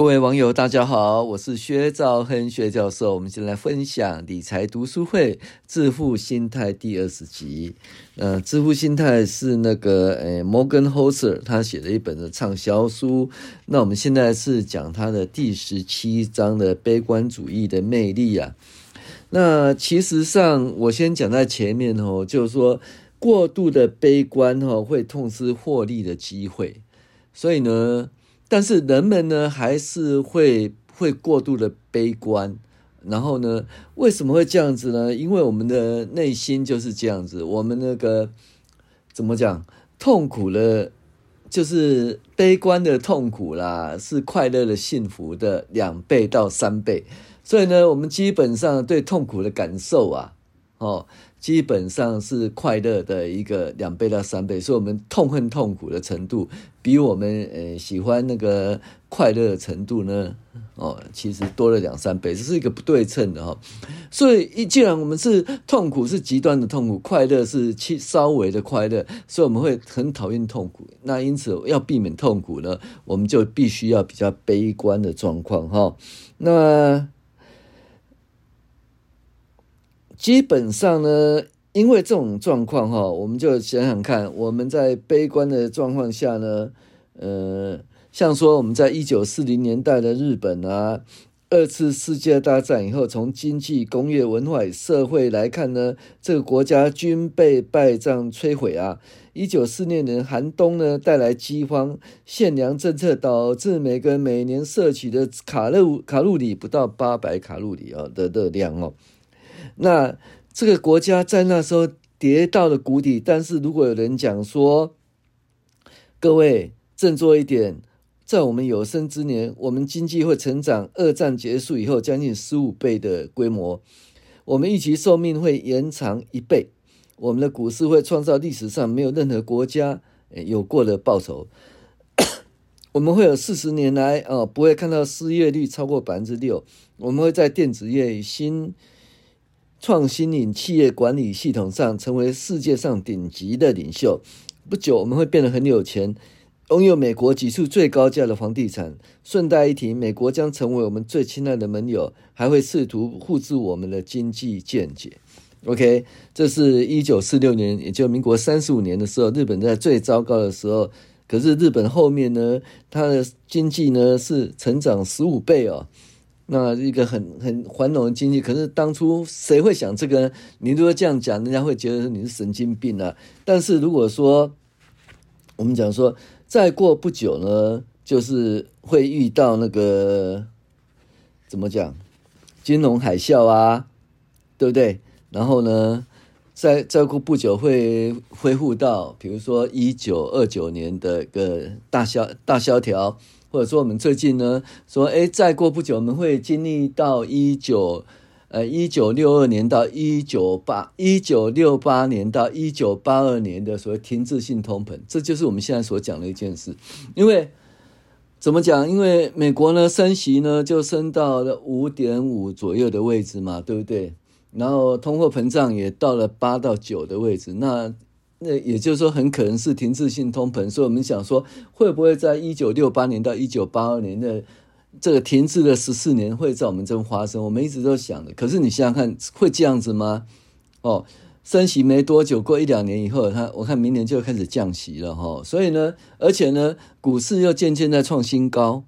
各位網友，大家好，我是薛兆亨薛教授。我們先來分享理財讀書會致、呃《致富心態》第二十集。呃，《致富心態》是那個呃摩根 Housel 他寫的一本的暢銷書。那我們現在是講他的第十七章的“悲觀主義的魅力”啊。那其實上，我先講在前面哦，就是說過度的悲觀哦，會痛失獲利的機會。所以呢。但是人們呢，還是會會過度的悲觀，然後呢，為什麼會這樣子呢？因為我們的內心就是這樣子，我們那個怎麼講，痛苦的，就是悲觀的痛苦啦，是快樂的幸福的兩倍到三倍，所以呢，我們基本上對痛苦的感受啊。哦，基本上是快樂的一個兩倍到三倍，所以我們痛恨痛苦的程度，比我們呃、欸、喜歡那個快樂的程度呢，哦，其實多了兩三倍，這是一個不對稱的哈、哦。所以一既然我們是痛苦是極端的痛苦，快樂是稍微的快樂，所以我們會很討厭痛苦。那因此要避免痛苦呢，我們就必須要比較悲觀的狀況哈。那。基本上呢，因為這種狀況哈、哦，我們就想想看，我們在悲觀的狀況下呢，呃，像說我們在一九四零年代的日本啊，二次世界大戰以後，從經濟、工業、文化、與社會來看呢，這個國家均被敗仗摧毀啊。一九四六年寒冬呢，帶來饑荒，限糧政策導致每個每年攝取的卡路卡路里不到八百卡路里啊、哦、的熱量哦。那這個國家在那時候跌到了谷底，但是如果有人講說：“各位振作一點，在我們有生之年，我們經濟會成長，二戰結束以後將近十五倍的規模，我們預期壽命會延長一倍，我們的股市會創造歷史上沒有任何國家有過的報酬， 我們會有四十年來、哦、不會看到失業率超過百分之六，我們會在電子業新。”創新領企業管理系統上，成為世界上頂級的領袖。不久，我們會變得很有錢，擁有美國幾處最高價的房地產。順帶一提，美國將成為我們最親愛的盟友，還會試圖複製我們的經濟見解。OK，這是一九四六年，也就民國三十五年的時候，日本在最糟糕的時候。可是日本後面呢，它的經濟呢是成長十五倍哦。那一個很很繁榮的經濟，可是當初誰會想這個呢？你如果這樣講，人家會覺得你是神經病啊。但是如果說我們講說，再過不久呢，就是會遇到那個怎麼講，金融海嘯啊，對不對？然後呢，再再過不久會恢復到，比如說一九二九年的一個大蕭大蕭條。或者說，我們最近呢，說，哎，再過不久，我們會經歷到一九，呃，一九六二年到一九八，一九六八年到一九八二年的所謂停滯性通膨，這就是我們現在所講的一件事。因為怎麼講？因為美國呢，升息呢，就升到了五點五左右的位置嘛，對不對？然後通貨膨脹也到了八到九的位置，那。那也就是說，很可能是停滯性通膨，所以我們想說，會不會在一九六八年到一九八二年的這個停滯的十四年會在我們這發生？我們一直都想的。可是你想想看，會這樣子嗎？哦，升息沒多久，過一兩年以後，他我看明年就開始降息了哈、哦。所以呢，而且呢，股市又漸漸在創新高，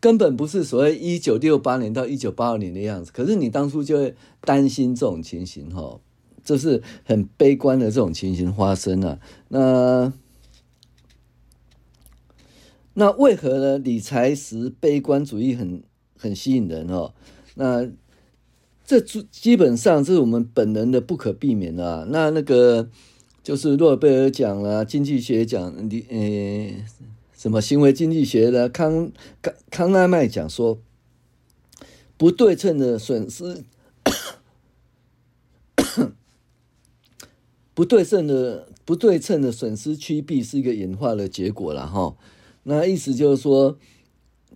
根本不是所謂一九六八年到一九八二年的樣子。可是你當初就會擔心這種情形哈。哦就是很悲觀的這種情形發生了、啊。那那為何呢？理財時悲觀主義很很吸引人哦。那這基本上這是我們本能的不可避免的、啊。那那個就是諾貝爾獎啦、啊，經濟學獎，你、哎、呃什麼行為經濟學的康康康納曼講說，不對稱的損失。不對稱的不對稱的損失趨避是一個演化的結果了哈。那意思就是說，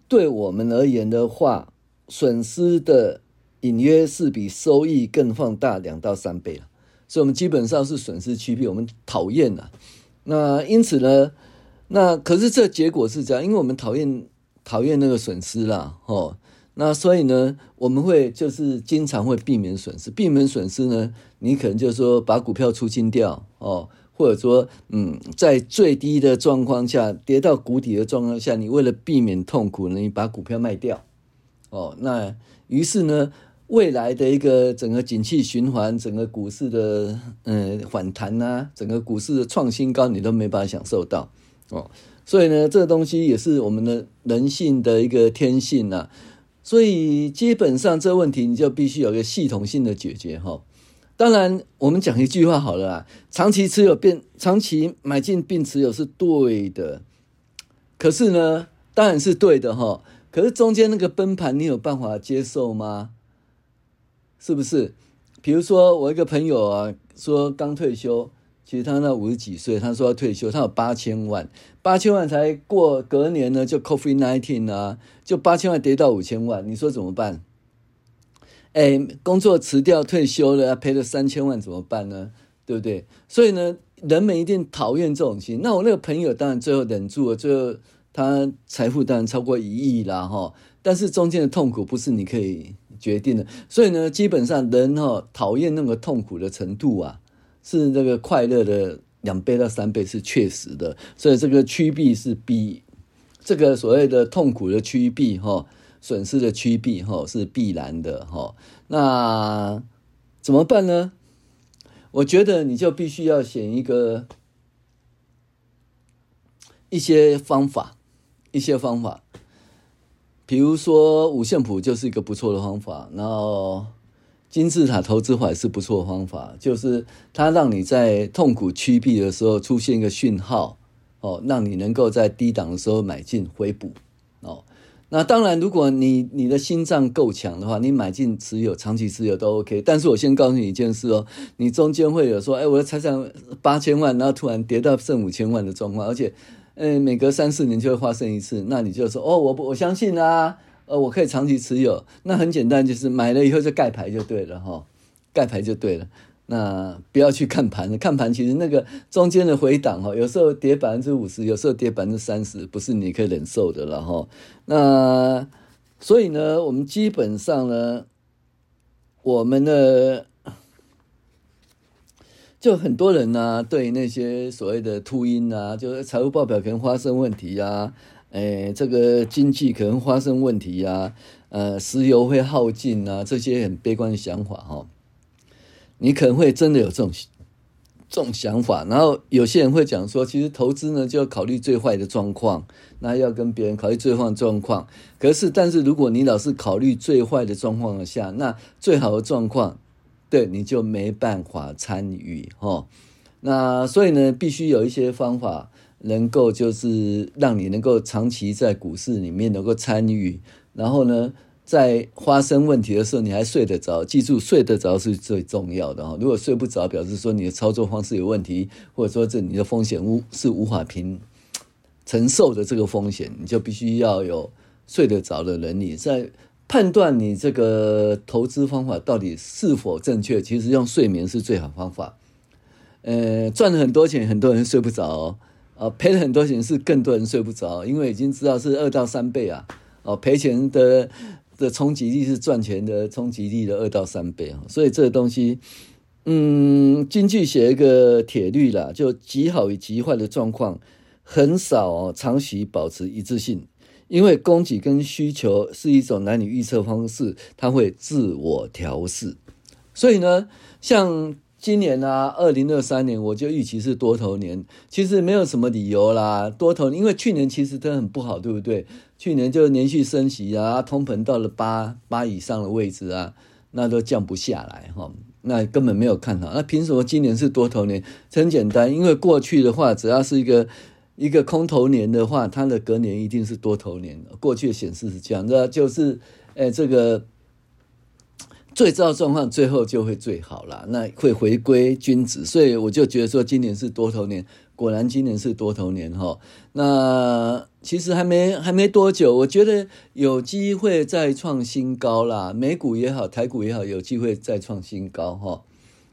對我們而言的話，損失的隱約是比收益，更放大兩到三倍。所以我們基本上是損失趨避，我們討厭了。那因此呢，那可是這結果是這樣，因為我們討厭討厭那個損失了。那所以呢，我們會就是經常會避免損失。避免損失呢，你可能就是說把股票出清掉哦，或者說嗯，在最低的狀況下，跌到谷底的狀況下，你為了避免痛苦呢，你把股票賣掉哦。那於是呢，未來的一個整個景氣循環，整個股市的嗯反彈啊，整個股市的創新高，你都沒辦法享受到哦。所以呢，這個東西也是我們的人性的一個天性啊。所以基本上這個問題你就必須有一個系統性的解決哈、哦。當然，我們講一句話好了，長期持有變，長期買進並持有是對的。可是呢，當然是對的哈、哦。可是中間那個崩盤，你有辦法接受嗎？是不是？比如說，我一個朋友啊，說剛退休。其實他那五十幾歲，他說要退休，他有八千萬，八千萬才過隔年呢，就 COVID-19 啊，就八千萬跌到五千萬，你說怎麼辦？哎，工作辭掉，退休了，要賠了三千萬怎麼辦呢？對不對？所以呢，人們一定討厭這種事情。那我那個朋友當然最後忍住了，最後他財富當然超過一億啦，哈。但是中間的痛苦不是你可以決定的，所以呢，基本上人哈討厭那個痛苦的程度啊，是那個快樂的兩倍到三倍是確實的，所以這個趨避是必，這個所謂的痛苦的趨避吼，損失的趨避吼，是必然的吼，那怎麼辦呢？我覺得你就必須要選一個一些方法，一些方法，比如說五線譜就是一個不錯的方法，然後，金字塔投資法也是不錯的方法，就是它讓你在痛苦趨避的時候出現一個訊號，哦，讓你能夠在低檔的時候買進回補，哦，那當然，如果你你的心臟夠強的話，你買進持有、長期持有都 OK。但是我先告訴你一件事哦，你中間會有說，誒、欸、我的財產八千萬，然後突然跌到剩五千萬的狀況，而且，欸、每隔三四年就會發生一次，那你就說，哦，我不，我相信啦、啊。」我可以長期持有，那很簡單，就是買了以後就蓋牌就對了哈，蓋牌就對了。那不要去看盤，看盤其實那個中間的回檔，有時候跌百分之五十，有時候跌百分之三十，不是你可以忍受的然後哈。那所以呢，我們基本上呢，我們的就很多人呢，啊，對那些所謂的禿鷹啊，就是財務報表可能發生問題啊。誒，這個經濟可能發生問題啊，呃，石油會耗盡啊，這些很悲觀的想法哦，你可能會真的有這種這種想法。然後有些人會講說，其實投資呢就要考慮最壞的狀況，那要跟別人考慮最壞的狀況。可是，但是如果你老是考慮最壞的狀況下，那最好的狀況對你就沒辦法參與哦。那所以呢，必須有一些方法。能夠就是讓你能夠長期在股市裡面能夠參與，然後呢，在發生問題的時候你還睡得着。記住，睡得着是最重要的哦。如果睡不着，表示說你的操作方式有問題，或者說這你的風險是無法平承受的。這個風險你就必須要有睡得着的能力。你在判斷你這個投資方法到底是否正確，其實用睡眠是最好方法。呃，賺了很多錢，很多人睡不着哦。啊，賠了很多錢是更多人睡不着，因為已經知道是二到三倍啊。哦、啊，賠錢的的衝擊力是賺錢的衝擊力的二到三倍，啊，所以這個東西，嗯，經濟學一個鐵律啦，就極好與極壞的狀況很少哦，喔，長期保持一致性。因為供給跟需求是一種難以預測方式，它會自我調適。所以呢，像。今年呢、啊，二零二三年我就預期是多頭年，其實沒有什麼理由啦。多頭年，因為去年其實它很不好，對不對？去年就連續升息啊，通膨到了八八以上的位置啊，那都降不下來哈、哦，那根本沒有看好。那憑什麼今年是多頭年？很簡單，因為過去的話，只要是一個一個空頭年的話，它的隔年一定是多頭年。過去的顯示是這樣的，就是，哎，這個。最糟狀況最後就會最好了，那會回歸均值，所以我就覺得說今年是多頭年，果然今年是多頭年哈。那其實還沒還沒多久，我覺得有機會再創新高啦，美股也好，台股也好，有機會再創新高哈。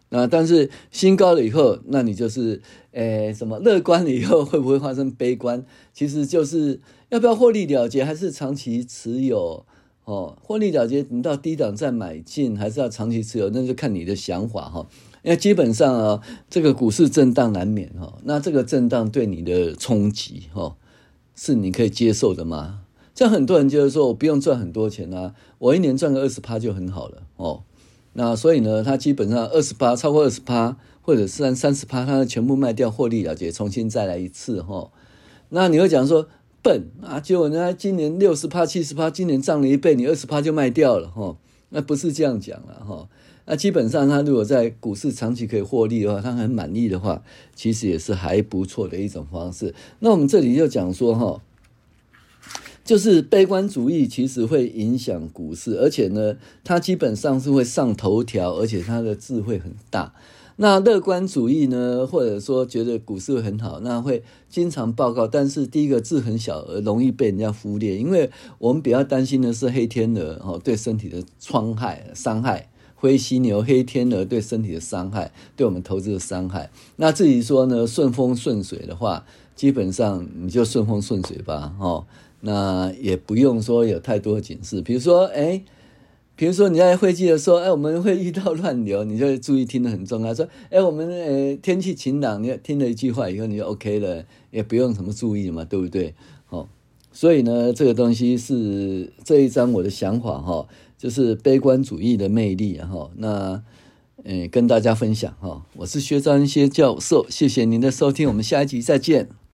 那但是新高了以後，那你就是誒、欸、什麼樂觀了以後會不會發生悲觀？其實就是要不要獲利了結，還是長期持有？哦，獲利了結，你到低檔再買進，還是要長期持有？那就看你的想法哈。因為基本上啊，這個股市震盪難免哈。那這個震盪對你的衝擊，哈，是你可以接受的嗎？像很多人就是說，我不用賺很多錢啊，我一年賺個二十趴就很好了哦。那所以呢，他基本上二十趴，超過二十趴，或者是三十趴，他全部賣掉獲利了結，重新再來一次哈、哦。那你會講說，笨啊！結果呢？今年六十趴、七十趴，今年漲了一倍，你二十趴就賣掉了吼，那不是這樣講了吼，那基本上，他如果在股市長期可以獲利的話，他很滿意的話，其實也是還不錯的一種方式。那我們這裡就講說吼，就是悲觀主義其實會影響股市，而且呢，它基本上是會上頭條，而且它的字會很大。那樂觀主義呢，或者說覺得股市很好，那會經常報告，但是第一個字很小，而容易被人家忽略。因為我們比較擔心的是黑天鵝哦，對身體的傷害，傷害、灰犀牛、黑天鵝對身體的傷害，對我們投資的傷害。那至於說呢，順風順水的話，基本上你就順風順水吧，哦，那也不用說有太多的警示，比如說、欸比如說，你在會記得說，哎，我們會遇到亂流，你就注意聽得很重要。說，哎，我們呃、哎、天氣晴朗，你聽了一句話以後，你就 OK 了，也不用什麼注意嘛，對不對？哦，所以呢，這個東西是這一章我的想法哈、哦，就是悲觀主義的魅力哈、哦。那、哎，跟大家分享哈、哦，我是薛兆亨教授，謝謝您的收聽，我們下一集再見。